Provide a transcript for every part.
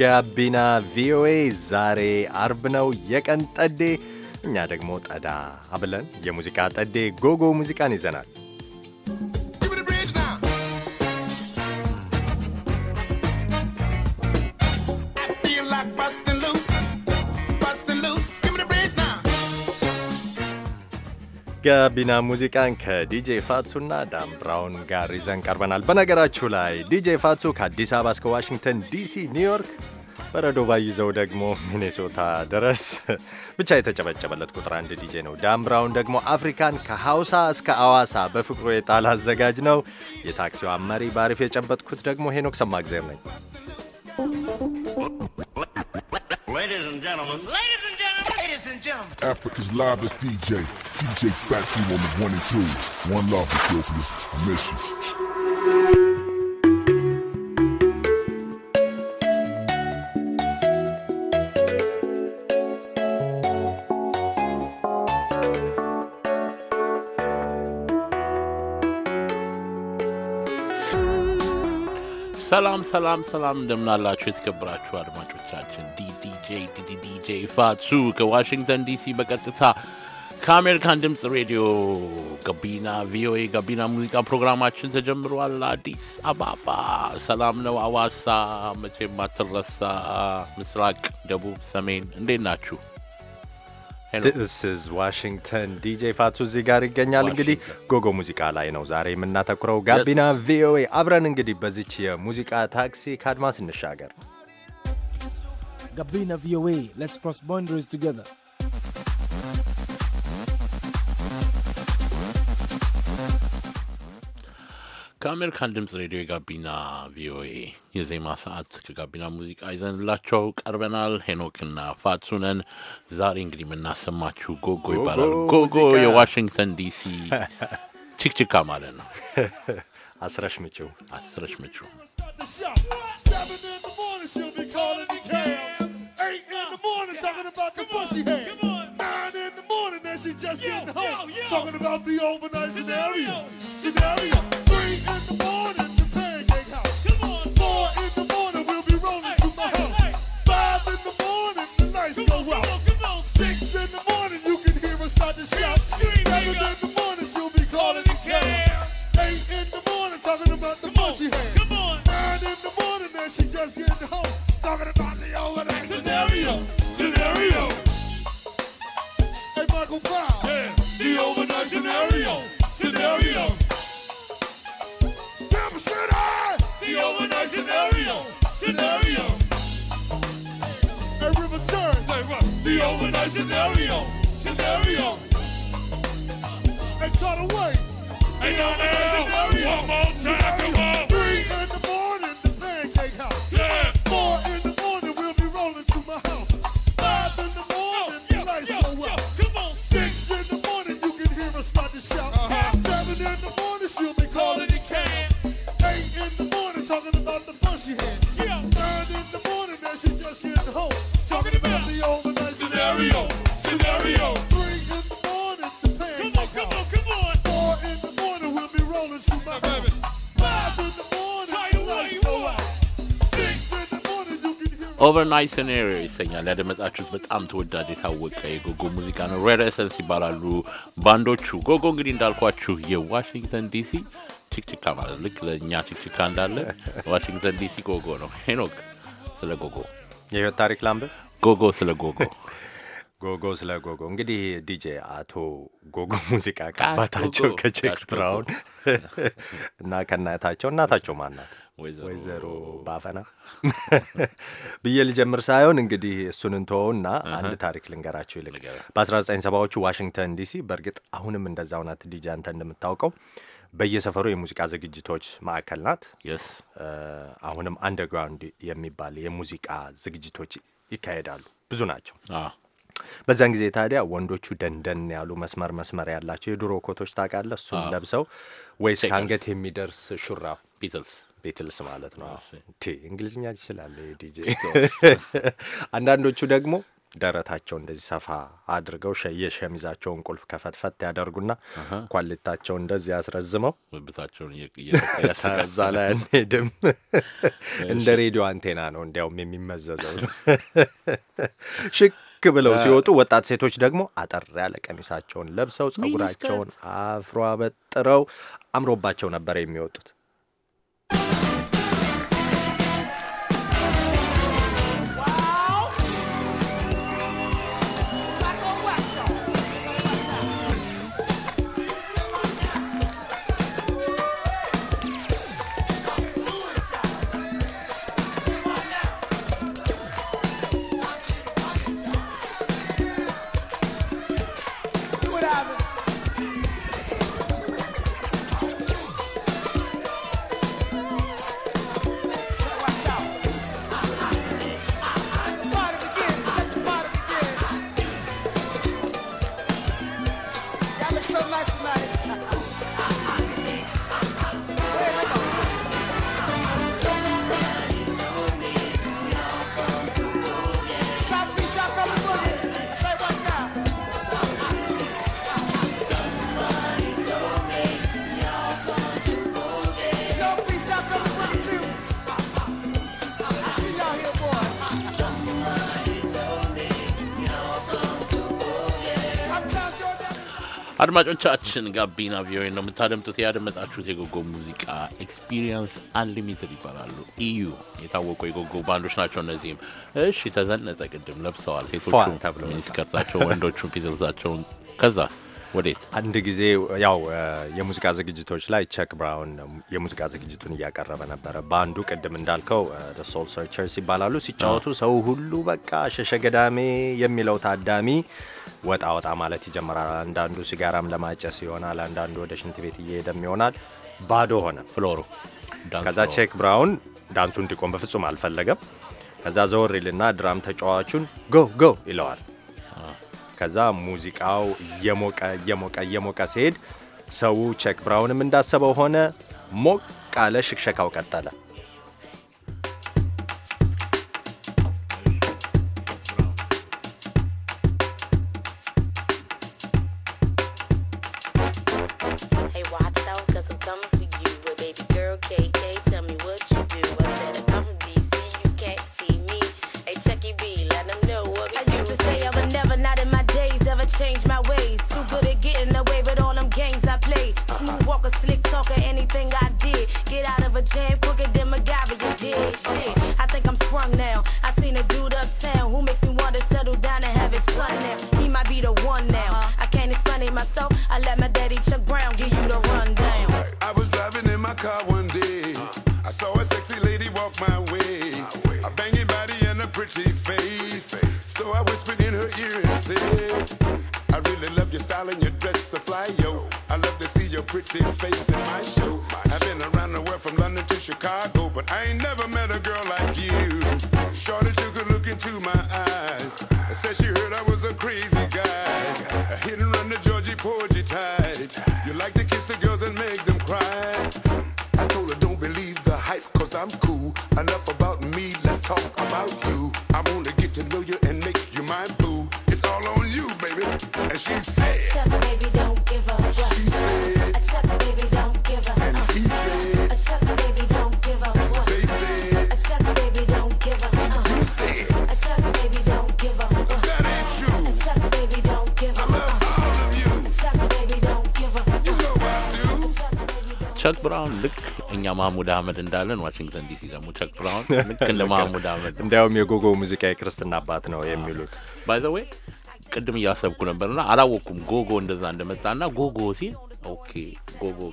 ጋቢና ቪኦኤ ዛሬ አርብ ነው፣ የቀን ጠዴ። እኛ ደግሞ ጠዳ ብለን የሙዚቃ ጠዴ ጎጎ ሙዚቃን ይዘናል። ጋቢና ሙዚቃን ከዲጄ ፋትሱና ዳም ብራውን ጋር ይዘን ቀርበናል። በነገራችሁ ላይ ዲጄ ፋትሱ ከአዲስ አበባ እስከ ዋሽንግተን ዲሲ፣ ኒውዮርክ በረዶ ባይዘው ደግሞ ሚኔሶታ ድረስ ብቻ የተጨበጨበለት ቁጥር አንድ ዲጄ ነው። ዳም ብራውን ደግሞ አፍሪካን ከሐውሳ እስከ አዋሳ በፍቅሩ የጣል አዘጋጅ ነው። የታክሲዋ መሪ በአሪፍ የጨበጥኩት ደግሞ ሄኖክ ሰማግዜር ነኝ። and gentlemen. Africa's livest DJ, DJ Fatu on the one and two. One love, Ethiopia. I miss you. ሰላም ሰላም ሰላም፣ እንደምናላችሁ የተከበራችሁ አድማጮቻችን፣ ዲዲጄ ዲዲጄ ፋቱ ከዋሽንግተን ዲሲ በቀጥታ ከአሜሪካን ድምፅ ሬዲዮ ጋቢና ቪኦኤ ጋቢና ሙዚቃ ፕሮግራማችን ተጀምሯል። አዲስ አበባ ሰላም ነው። አዋሳ መቼም አትረሳ። ምስራቅ፣ ደቡብ፣ ሰሜን እንዴት ናችሁ? ዲስዝ ዋሽንግተን ዲጄ ፋቱ እዚህ ጋር ይገኛል። እንግዲህ ጎጎ ሙዚቃ ላይ ነው ዛሬ የምናተኩረው። ጋቢና ቪኦኤ አብረን እንግዲህ በዚች የሙዚቃ ታክሲ ከአድማስ እንሻገር። ጋቢና ቪኦኤ ሌትስ ክሮስ ባውንደሪስ ቱጌዘር ከአሜሪካን ድምፅ ሬዲዮ የጋቢና ቪኦኤ የዜማ ሰዓት ከጋቢና ሙዚቃ ይዘንላቸው ቀርበናል። ሄኖክና ፋጹነን ዛሬ እንግዲህ የምናሰማችሁ ጎጎ ይባላል። ጎጎ የዋሽንግተን ዲሲ ችክችካ ማለት ነው። አስረሽ ምጪው አስረሽ just getting ምጪው Talking about the overnight scenario, scenario. out of work. Hey, yo, man, one more time. ናይት ሴናሪዮ ይሰኛል። ያደመጣችሁት በጣም ተወዳጅ የታወቀ የጎጎ ሙዚቃ ነው። ሬር ኤሰንስ ይባላሉ ባንዶቹ። ጎጎ እንግዲህ እንዳልኳችሁ የዋሽንግተን ዲሲ ችክችካ ማለት ልክ ለእኛ ችክችካ እንዳለ ዋሽንግተን ዲሲ ጎጎ ነው። ሄኖክ ስለ ጎጎ የህይወት ታሪክ ላምብ ጎጎ ስለ ጎጎ ጎጎ ስለ ጎጎ እንግዲህ ዲጄ አቶ ጎጎ ሙዚቃ ከአባታቸው ከቼክ ብራውን እና ከእናታቸው እናታቸው ማናት ወይዘሮ ባፈና ብዬ ልጀምር ሳይሆን እንግዲህ እሱን እንተወውና አንድ ታሪክ ልንገራቸው ይልቅ በ1970ዎቹ ዋሽንግተን ዲሲ በእርግጥ አሁንም እንደዛው ናት። ዲጄ አንተ እንደምታውቀው በየሰፈሩ የሙዚቃ ዝግጅቶች ማዕከል ናት። አሁንም አንደርግራውንድ የሚባል የሙዚቃ ዝግጅቶች ይካሄዳሉ፣ ብዙ ናቸው። በዚያን ጊዜ ታዲያ ወንዶቹ ደንደን ያሉ መስመር መስመር ያላቸው የድሮ ኮቶች ታውቃለህ፣ እሱን ለብሰው ወይስ ከአንገት የሚደርስ ሹራብ ቢትልስ ቤትልስ ማለት ነው። ቲ እንግሊዝኛ ይችላል ዲጄ። አንዳንዶቹ ደግሞ ደረታቸው እንደዚህ ሰፋ አድርገው የሸሚዛቸውን ቁልፍ ከፈትፈት ያደርጉና ኳሊታቸው እንደዚህ ያስረዝመው እዛ ላይ አንሄድም። እንደ ሬዲዮ አንቴና ነው እንዲያውም የሚመዘዘው ሽክ ብለው ሲወጡ ወጣት ሴቶች ደግሞ አጠር ያለ ቀሚሳቸውን ለብሰው ጸጉራቸውን አፍሮ አበጥረው አምሮባቸው ነበር የሚወጡት። አድማጮቻችን ጋቢና ቪኦኤ ነው የምታደምጡት። ያደመጣችሁት የጎጎ ሙዚቃ ኤክስፒሪየንስ አንሊሚትድ ይባላሉ። ኢዩ የታወቁ የጎጎ ባንዶች ናቸው። እነዚህም እሺ ተዘነጠ ቅድም ለብሰዋል። ሴቶቹ ሚኒስከርታቸው፣ ወንዶቹ ፒዘርሳቸውን ከዛ ወዴት አንድ ጊዜ ያው የሙዚቃ ዝግጅቶች ላይ ቼክ ብራውን የሙዚቃ ዝግጅቱን እያቀረበ ነበረ። በአንዱ ቅድም እንዳልከው ሶል ሰርቸርስ ይባላሉ። ሲጫወቱ ሰው ሁሉ በቃ ሸሸገዳሜ የሚለው ታዳሚ ወጣ ወጣ ማለት ይጀምራል። አንዳንዱ ሲጋራም ለማጨስ ይሆናል፣ አንዳንዱ ወደ ሽንት ቤት እየሄደም ይሆናል። ባዶ ሆነ ፍሎሩ። ከዛ ቼክ ብራውን ዳንሱ እንዲቆም በፍጹም አልፈለገም። ከዛ ዘወር ይልና ድራም ተጫዋቹን ጎ ጎ ይለዋል። ከዛ ሙዚቃው እየሞቀ እየሞቀ እየሞቀ ሲሄድ ሰው ቼክ ብራውንም እንዳሰበው ሆነ። ሞቅ ቃለ ሽክሸካው ቀጠለ። ቸክ ብራውን ልክ እኛ ማህሙድ አህመድ እንዳለን ዋሽንግተን ዲሲ ደግሞ ቸክ ብራውን ልክ እንደ ማህሙድ አህመድ እንዲያውም የጎጎ ሙዚቃ የክርስትና አባት ነው የሚሉት ባይዘዌ ቅድም እያሰብኩ ነበርና አላወቅኩም ጎጎ እንደዛ እንደመጣና ጎጎ ሲል ኦኬ ጎጎ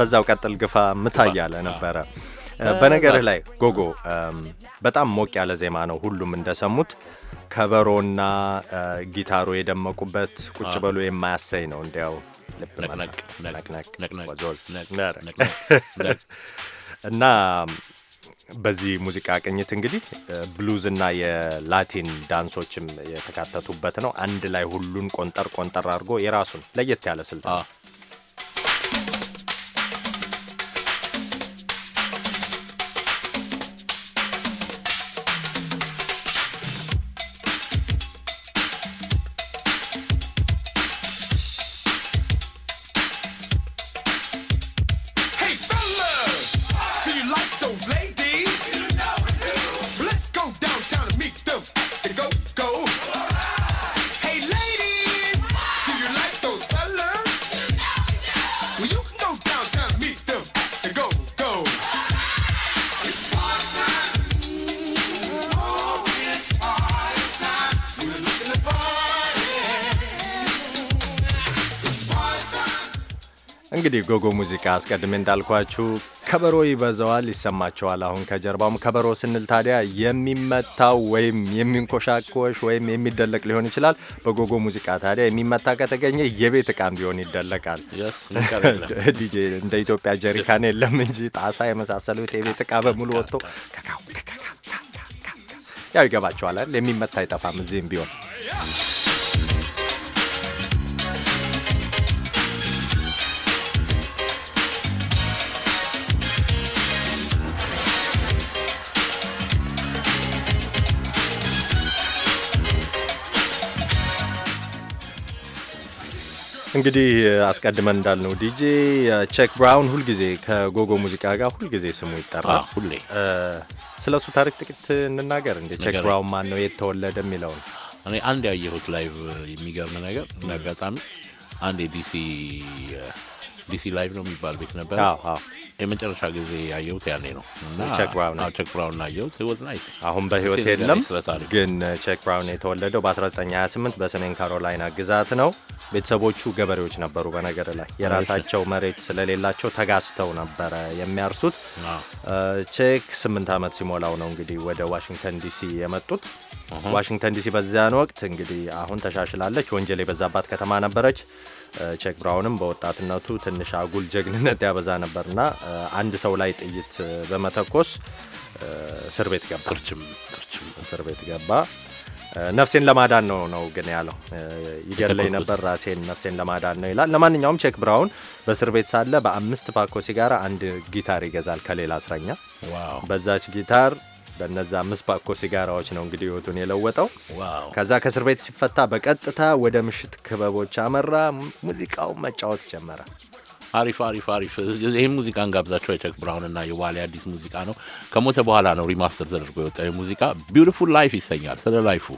በዛው ቀጥል ግፋ ምታያለ ነበረ በነገርህ ላይ ጎጎ በጣም ሞቅ ያለ ዜማ ነው። ሁሉም እንደሰሙት ከበሮና ጊታሩ የደመቁበት ቁጭ በሎ የማያሰኝ ነው እንዲያው እና በዚህ ሙዚቃ ቅኝት እንግዲህ ብሉዝ እና የላቲን ዳንሶችም የተካተቱበት ነው። አንድ ላይ ሁሉን ቆንጠር ቆንጠር አድርጎ የራሱን ለየት ያለ ስልት ነው። እንግዲህ ጎጎ ሙዚቃ አስቀድሜ እንዳልኳችሁ ከበሮ ይበዛዋል፣ ይሰማቸዋል። አሁን ከጀርባውም ከበሮ ስንል ታዲያ የሚመታው ወይም የሚንኮሻኮሽ ወይም የሚደለቅ ሊሆን ይችላል። በጎጎ ሙዚቃ ታዲያ የሚመታ ከተገኘ የቤት እቃም ቢሆን ይደለቃል። ዲጄ እንደ ኢትዮጵያ ጀሪካን የለም እንጂ ጣሳ የመሳሰሉት የቤት እቃ በሙሉ ወጥቶ ያው ይገባቸዋል። የሚመታ አይጠፋም እዚህም ቢሆን እንግዲህ አስቀድመን እንዳልነው ዲጄ ቼክ ብራውን ሁልጊዜ ከጎጎ ሙዚቃ ጋር ሁልጊዜ ስሙ ይጠራል። ሁሌ ስለ እሱ ታሪክ ጥቂት እንናገር። እንደ ቼክ ብራውን ማን ነው የት ተወለደ የሚለውን እኔ አንድ ያየሁት ላይቭ የሚገርም ነገር እንደ አንድ የዲሲ ዲሲ ላይቭ ነው የሚባል ቤት ነበር። የመጨረሻ ጊዜ ያየሁት ያኔ ነው እና ቼክ ብራውን አየሁት። ህይወት ናይስ አሁን በህይወት የለም፣ ግን ቼክ ብራውን የተወለደው በ1928 በሰሜን ካሮላይና ግዛት ነው። ቤተሰቦቹ ገበሬዎች ነበሩ። በነገር ላይ የራሳቸው መሬት ስለሌላቸው ተጋዝተው ነበረ የሚያርሱት። ቼክ ስምንት ዓመት ሲሞላው ነው እንግዲህ ወደ ዋሽንግተን ዲሲ የመጡት። ዋሽንግተን ዲሲ በዚያን ወቅት እንግዲህ አሁን ተሻሽላለች፣ ወንጀል የበዛባት ከተማ ነበረች። ቼክ ብራውንም በወጣትነቱ ትንሽ አጉል ጀግንነት ያበዛ ነበርና አንድ ሰው ላይ ጥይት በመተኮስ እስር ቤት ገባ። እስር ቤት ገባ። ነፍሴን ለማዳን ነው ነው ግን ያለው ይገለኝ ነበር ራሴን ነፍሴን ለማዳን ነው ይላል። ለማንኛውም ቼክ ብራውን በእስር ቤት ሳለ በአምስት ፓኮ ሲጋራ አንድ ጊታር ይገዛል ከሌላ እስረኛ። በዛች ጊታር በነዛ አምስት ፓኮ ሲጋራዎች ነው እንግዲህ ህይወቱን የለወጠው። ከዛ ከእስር ቤት ሲፈታ በቀጥታ ወደ ምሽት ክበቦች አመራ። ሙዚቃው መጫወት ጀመረ። አሪፍ አሪፍ አሪፍ። ይህም ሙዚቃን ጋብዛቸው የቼክ ብራውን እና የዋሊ አዲስ ሙዚቃ ነው። ከሞተ በኋላ ነው ሪማስተር ተደርጎ የወጣ ሙዚቃ። ቢውቲፉል ላይፍ ይሰኛል። ስለ ላይፉ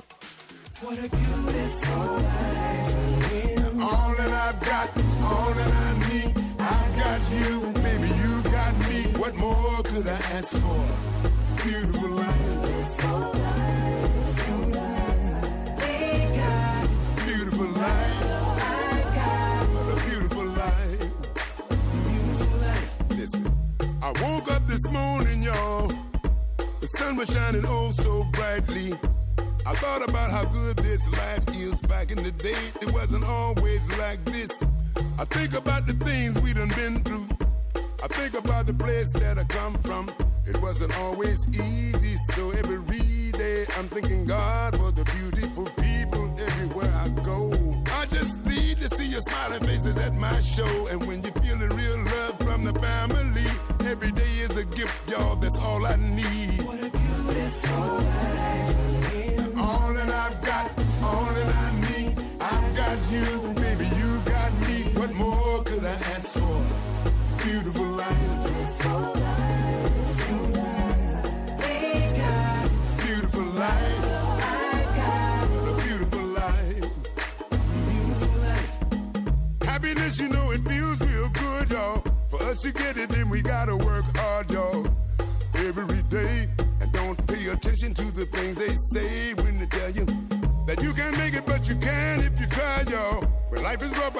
What more could I ask for? beautiful life. I woke up this morning, y'all. The sun was shining oh so brightly. I thought about how good this life is. Back in the day, it wasn't always like this. I think about the things we done been through. I think about the place that I come from. It wasn't always easy, so every day I'm thinking God for the beautiful people everywhere I go. I just need to see your smiling faces at my show, and when you're feeling real love from the family, every day is a gift, y'all. That's all I need. What a beautiful life. All that I've got, all that I need, I've got you.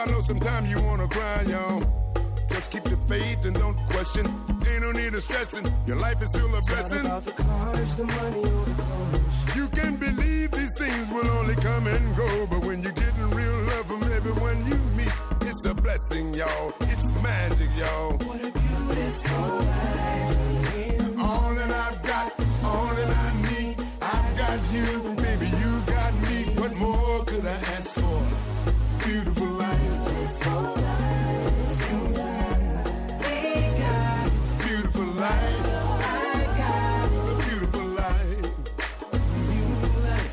I know sometimes you wanna cry, y'all. Just keep the faith and don't question. Ain't no need of stressing. Your life is still a it's blessing. Not about the cars, the money, or the clothes. You can believe these things will only come and go, but when you're getting real love from everyone you meet, it's a blessing, y'all. It's magic, y'all. What a beautiful life. All that I've got, all that I need, I've got you, baby. You got me. What more could I ask for?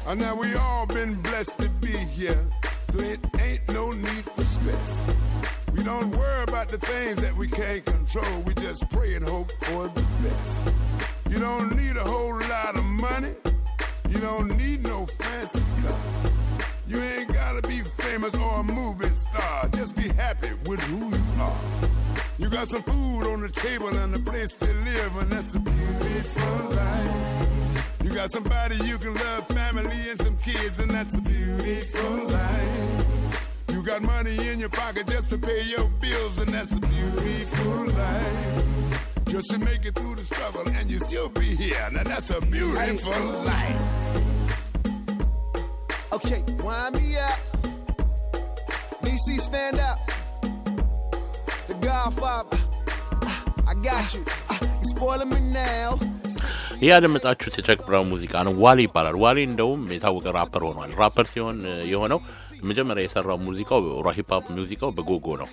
And now we all been blessed to be here, so it ain't no need for stress. We don't worry about the things that we can't control, we just pray and hope for the best. You don't need a whole lot of money, you don't need no fancy car. You ain't gotta be famous or a movie star. Just be happy with who you are. You got some food on the table and a place to live, and that's a beautiful life. You got somebody you can love, family and some kids, and that's a beautiful life. You got money in your pocket just to pay your bills, and that's a beautiful life. Just to make it through the struggle, and you still be here. Now that's a beautiful life. Okay, wind me up. DC, stand up. The Godfather. Ah, I got you. Ah, you spoiling me now. ይህ ያደመጣችሁት የቸክ ብራውን ሙዚቃ ነው። ዋሊ ይባላል። ዋሊ እንደውም የታወቀ ራፐር ሆኗል። ራፐር ሲሆን የሆነው መጀመሪያ የሰራው ሙዚቃው ሂፕሆፕ ሙዚቃው በጎጎ ነው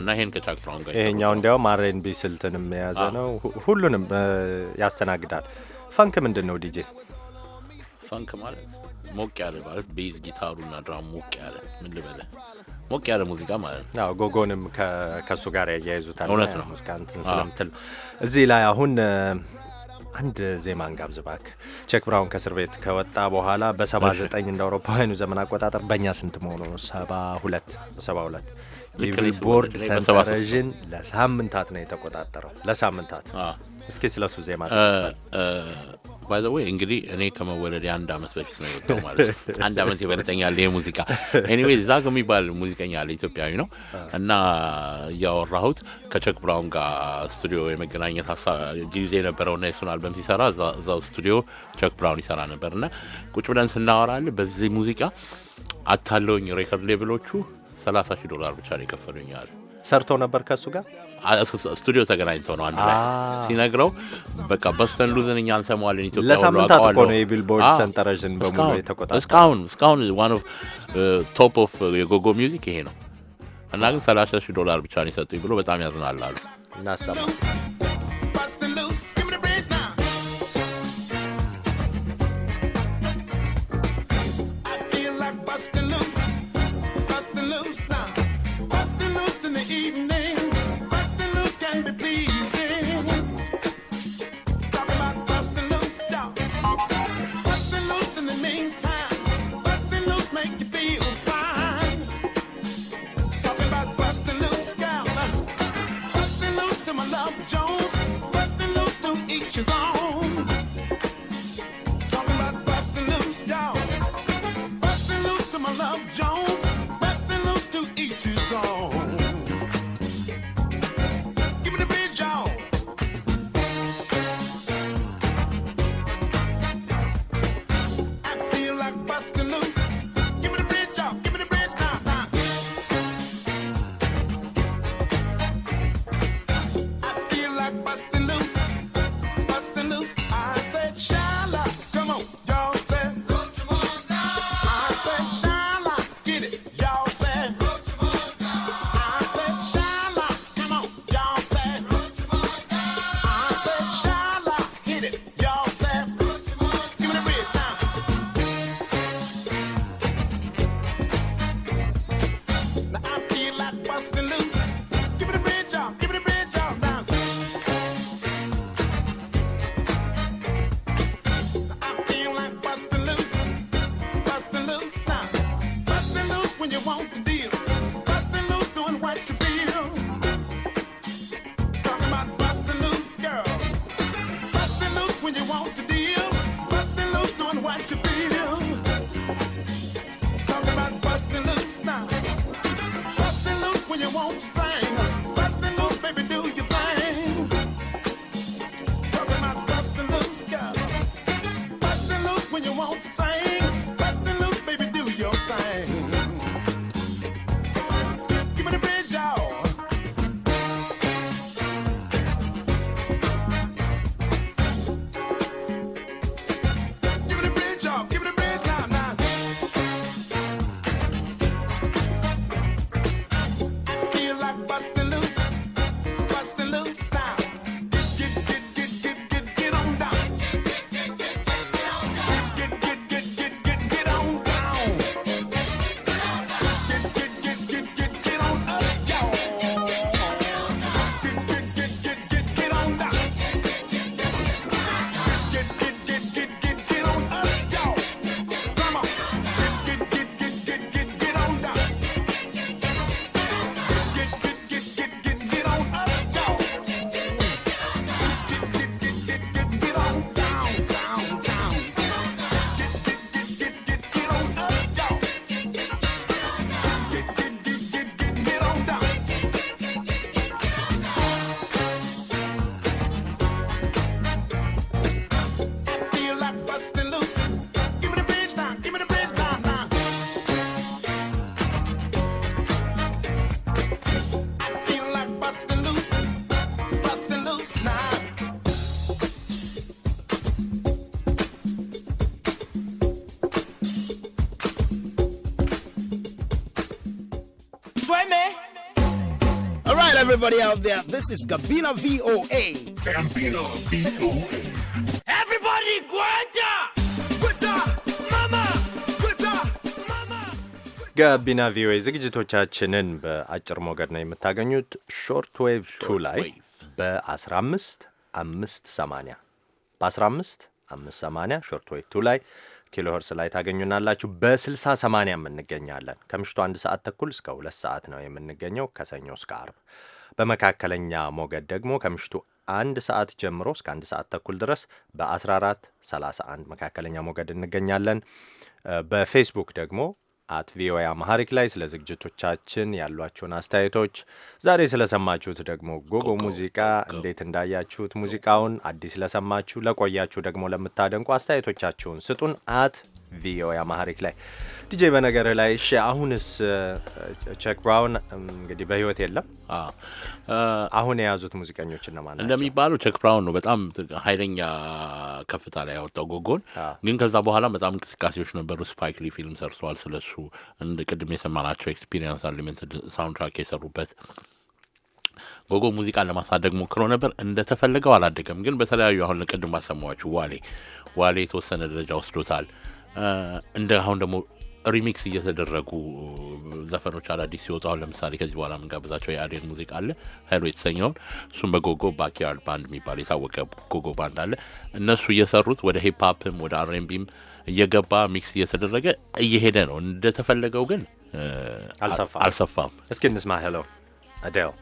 እና ይሄን ከቻክ ብራውን ጋር ይሄኛው እንዲያውም አርኤንቢ ስልትንም የያዘ ነው። ሁሉንም ያስተናግዳል። ፈንክ ምንድን ነው ዲጄ? ፈንክ ማለት ሞቅ ያለ ማለት ቤዝ ጊታሩ ጊታሩና ድራም ሞቅ ያለ ምን ልበለ ሞቅ ያለ ሙዚቃ ማለት ነው። ጎጎንም ከእሱ ጋር ያያይዙታል። እውነት ነው። ሙዚቃ እንትን ስለምትል እዚህ ላይ አሁን አንድ ዜማ ጋብዝ እባክህ። ቼክ ብራውን ከእስር ቤት ከወጣ በኋላ በ79 እንደ አውሮፓውያኑ ዘመን አቆጣጠር በእኛ ስንት መሆኑ ነው? 72 72 የቢልቦርድ ሰንጠረዥን ለሳምንታት ነው የተቆጣጠረው። ለሳምንታት እስኪ ስለሱ ዜማ ባይዘወ እንግዲህ እኔ ከመወለድ የአንድ አመት በፊት ነው የወጣው ማለት ነው። አንድ አመት ይበልጠኛል ይሄ ሙዚቃ። ኤኒዌይ ዛግ የሚባል ሙዚቀኛ አለ ኢትዮጵያዊ ነው እና እያወራሁት ከቸክ ብራውን ጋር ስቱዲዮ የመገናኘት ጊዜ የነበረው ነበረውና የሱን አልበም ሲሰራ እዛው ስቱዲዮ ቸክ ብራውን ይሰራ ነበር እና ቁጭ ብለን ስናወራል በዚህ ሙዚቃ አታለውኝ ሬከርድ ሌብሎቹ ሰላሳ ሺህ ዶላር ብቻ ነው የከፈሉኛል። ሰርቶ ነበር ከእሱ ጋር ስቱዲዮ ተገናኝተው ነው አንድ ላይ ሲነግረው በቃ በስተን ሉዝን እኛ እንሰማዋለን ኢትዮጵያ ለሳምንታት እኮ ነው የቢልቦርድ ሰንጠረዥን በሙሉ የተቆጣጠረው። እስካሁን እስካሁን ዋን ኦፍ ቶፕ ኦፍ የጎጎ ሚውዚክ ይሄ ነው እና ግን 30 ሺህ ዶላር ብቻ ነው የሰጡኝ ብሎ በጣም ያዝናላሉ። እናሰማ won't everybody out there. This is Gabina VOA. Gabina VOA. Everybody, Guanta! ጋቢና ቪኦኤ ዝግጅቶቻችንን በአጭር ሞገድ ነው የምታገኙት። ሾርት ዌቭ ቱ ላይ በ15 580 በ15 580 ሾርት ዌቭ ቱ ላይ ኪሎ ሄርስ ላይ ታገኙናላችሁ። በ60 80 እንገኛለን። ከምሽቱ አንድ ሰዓት ተኩል እስከ ሁለት ሰዓት ነው የምንገኘው ከሰኞ እስከ አርብ በመካከለኛ ሞገድ ደግሞ ከምሽቱ አንድ ሰዓት ጀምሮ እስከ አንድ ሰዓት ተኩል ድረስ በ1431 መካከለኛ ሞገድ እንገኛለን። በፌስቡክ ደግሞ አት ቪኦኤ አማሐሪክ ላይ ስለ ዝግጅቶቻችን ያሏችሁን አስተያየቶች፣ ዛሬ ስለሰማችሁት ደግሞ ጎጎ ሙዚቃ እንዴት እንዳያችሁት ሙዚቃውን፣ አዲስ ለሰማችሁ ለቆያችሁ ደግሞ ለምታደንቁ አስተያየቶቻችሁን ስጡን። አት ቪኦኤ አማሪክ ላይ ዲጄ በነገር ላይ እሺ፣ አሁንስ ቼክ ብራውን እንግዲህ በህይወት የለም። አሁን የያዙት ሙዚቀኞች እነማን ናቸው? እንደሚባለው ቼክ ብራውን ነው በጣም ኃይለኛ ከፍታ ላይ ያወጣው ጎጎን። ግን ከዛ በኋላ በጣም እንቅስቃሴዎች ነበሩ። ስፓይክ ሊ ፊልም ሰርተዋል ስለሱ። እንደ ቅድም የሰማናቸው ኤክስፒሪየንስ አንሊሚትድ ሳውንድትራክ የሰሩበት ጎጎ ሙዚቃ ለማሳደግ ሞክሮ ነበር። እንደተፈለገው አላደገም። ግን በተለያዩ አሁን ቅድም ባሰማኋችሁ ዋሌ ዋሌ የተወሰነ ደረጃ ወስዶታል። እንደ አሁን ደግሞ ሪሚክስ እየተደረጉ ዘፈኖች አዳዲስ ሲወጡ አሁን ለምሳሌ ከዚህ በኋላ የምንጋብዛቸው የአዴን ሙዚቃ አለ ሄሎ የተሰኘውን እሱም በጎጎ ባኪያርድ ባንድ የሚባል የታወቀ ጎጎ ባንድ አለ። እነሱ እየሰሩት ወደ ሂፕሀፕም ወደ አርኤንቢም እየገባ ሚክስ እየተደረገ እየሄደ ነው። እንደተፈለገው ግን አልሰፋም። እስኪ እንስማ ሄሎ አዴል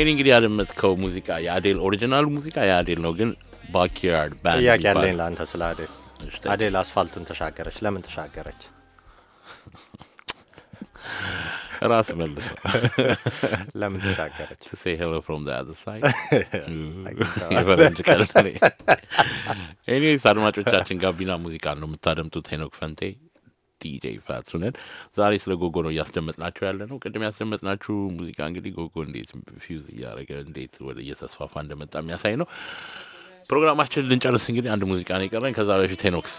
ይሄን እንግዲህ ያደመጥከው ሙዚቃ የአዴል ኦሪጂናል ሙዚቃ የአዴል ነው፣ ግን ባክያርድ ባንድ ጥያቄ ያለኝ ለአንተ ስለ አዴል። አዴል አስፋልቱን ተሻገረች። ለምን ተሻገረች? ራስ መልሰ ለምን ተሻገረች? ሴ ሄሎ ፍሮም ዘ አዘር ሳይድ የፈረንጅ ቀልድ። ኤኒዌይስ አድማጮቻችን ጋቢና ሙዚቃ ነው የምታደምጡት። ሄኖክ ፈንቴ ዲጄ ፋቱ ነን። ዛሬ ስለ ጎጎ ነው እያስደመጥናችሁ ያለ ነው። ቅድም ያስደመጥናችሁ ሙዚቃ እንግዲህ ጎጎ እንዴት ፊውዝ እያደረገ እንዴት ወደ እየተስፋፋ እንደመጣ የሚያሳይ ነው። ፕሮግራማችን ልንጨርስ እንግዲህ አንድ ሙዚቃ ነው የቀረን። ከዛ በፊት ሄኖክስ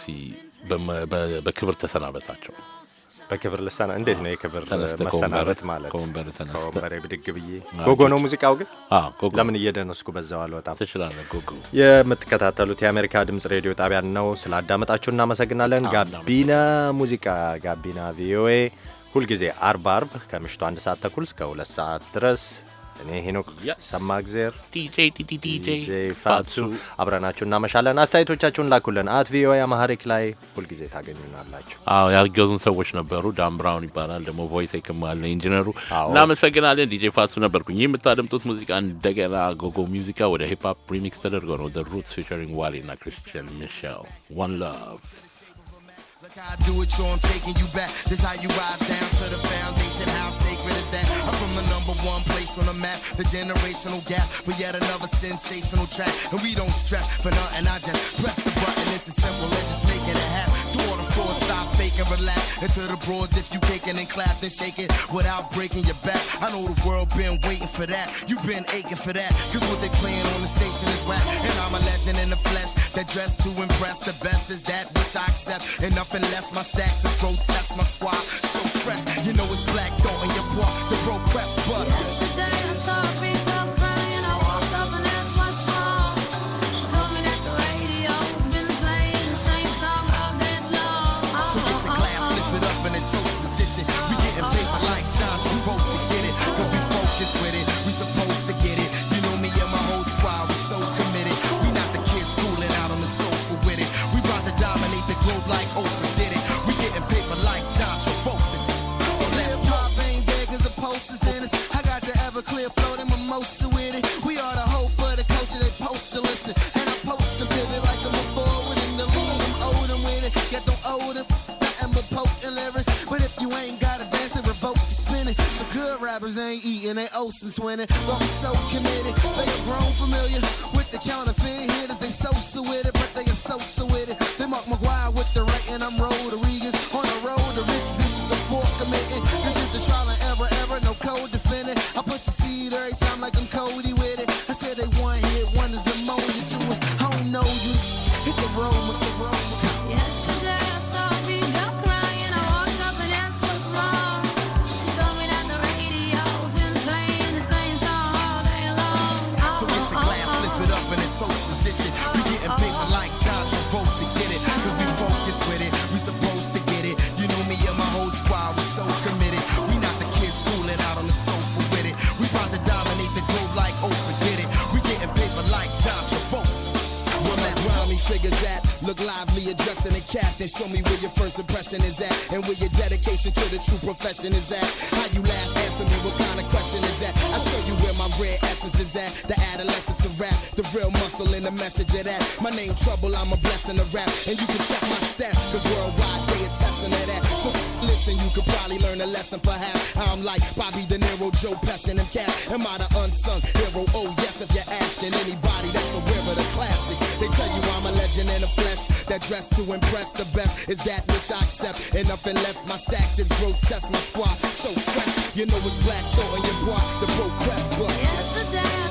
በክብር ተሰናበታቸው። በክብር ልሳና እንዴት ነው የክብር መሰናበት ማለት? ከወንበሬ ብድግ ብዬ ጎጎ ነው ሙዚቃው ግን ለምን እየደነስኩ በዛው አልወጣም። የምትከታተሉት የአሜሪካ ድምጽ ሬዲዮ ጣቢያን ነው። ስላዳመጣችሁ እናመሰግናለን። ጋቢና ሙዚቃ ጋቢና ቪኦኤ ሁልጊዜ አርብ አርብ ከምሽቱ አንድ ሰዓት ተኩል እስከ ሁለት ሰዓት ድረስ እኔ ሄኖክ ሰማ እግዜር ዲጄ ፋቱ አብረናችሁ እናመሻለን። አስተያየቶቻችሁን ላኩልን። አት ቪኦኤ አማሐሪክ ላይ ሁልጊዜ ታገኙናላችሁ። አዎ ያገዙን ሰዎች ነበሩ። ዳም ብራውን ይባላል ደግሞ ቮይስ ይክማለ ኢንጂነሩ። እናመሰግናለን። ዲጄ ፋቱ ነበርኩኝ። ይህ የምታደምጡት ሙዚቃ እንደገና ጎጎ ሙዚቃ ወደ ሂፕ ሆፕ ሪሚክስ ተደርጎ ነው። ዘ ሩት ፊቸሪንግ ዋሊ እና ክርስቲያን ሚሼል ዋን ላቭ I do it, so I'm taking you back. This how you rise down to the foundation house. that. I'm from the number one place on the map, the generational gap. But yet another sensational track, and we don't stress for nothing. I just press the button. It's as simple as just making it happen. To all the frauds, stop faking, relax. And to the broads, if you kicking and clap, then shake it without breaking your back. I know the world been waiting for that. You've been aching for that. Cause what they playing on the station is rap. And I'm a legend in the flesh that dressed to impress. The best is that which I accept. And nothing less, my stacks is grotesque, my squad. So fresh. You know it's black, though, and your walk, the road press, but. clear flow, them mimosa with it. We are the hope of the culture, they post to listen. And I post them pivot like I'm a forward in the lead. I'm old and with it, get them old and nothing but poke and lyrics. But if you ain't got a dance, then revoke the spinning. So good rappers ain't eating, they owe some twinning. But we so committed, they are grown familiar with the counterfeit hitters. They so with it, but they are so with it. They Mark McGuire with the right, and I'm Rodriguez. Show me where your first impression is at and where your dedication to the true profession is at. How you laugh, answer me, what kind of question is that? I show you where my rare essence is at. The adolescence of rap, the real muscle and the message of that. My name Trouble, I'm a blessing of rap, and you can check my stats, cause worldwide they testing it that. So listen lesson, you could probably learn a lesson perhaps. I'm like Bobby De Niro, Joe Pesci, and Cat. Am I the unsung hero? Oh, yes, if you're asking anybody, that's a river, the classic. They tell you I'm a legend in the flesh. That dress to impress the best is that which I accept. And nothing less, my stacks is grotesque, my squad so fresh. You know it's black thought and you brought the yes, book. Yesterday.